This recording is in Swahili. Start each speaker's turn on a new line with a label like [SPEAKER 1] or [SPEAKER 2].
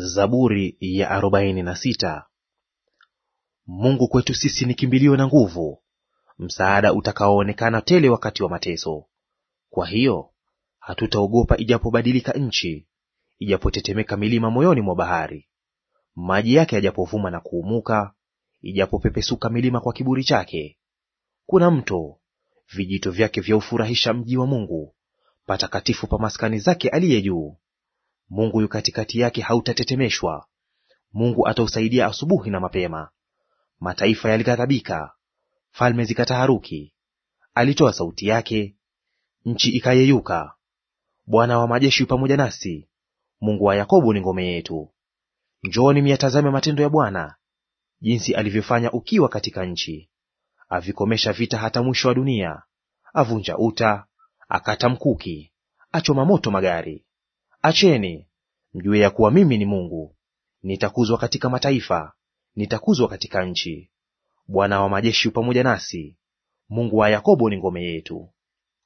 [SPEAKER 1] Zaburi ya arobaini na sita. Mungu kwetu sisi ni kimbilio na nguvu, msaada utakaoonekana tele wakati wa mateso. Kwa hiyo hatutaogopa, ijapobadilika nchi, ijapotetemeka milima moyoni mwa bahari, maji yake yajapovuma na kuumuka, ijapopepesuka milima kwa kiburi chake. Kuna mto, vijito vyake vya ufurahisha mji wa Mungu, patakatifu pa maskani zake aliye juu. Mungu yu katikati yake, hautatetemeshwa. Mungu atausaidia asubuhi na mapema. Mataifa yalighadhabika, falme zikataharuki. Alitoa sauti yake, nchi ikayeyuka. Bwana wa majeshi yu pamoja nasi, Mungu wa Yakobo ni ngome yetu. Njooni myatazame matendo ya Bwana, jinsi alivyofanya ukiwa katika nchi. Avikomesha vita hata mwisho wa dunia, avunja uta, akata mkuki, achoma moto magari. Acheni mjue ya kuwa mimi ni Mungu. Nitakuzwa katika mataifa, nitakuzwa katika nchi. Bwana wa majeshi pamoja nasi, Mungu wa Yakobo ni ngome yetu.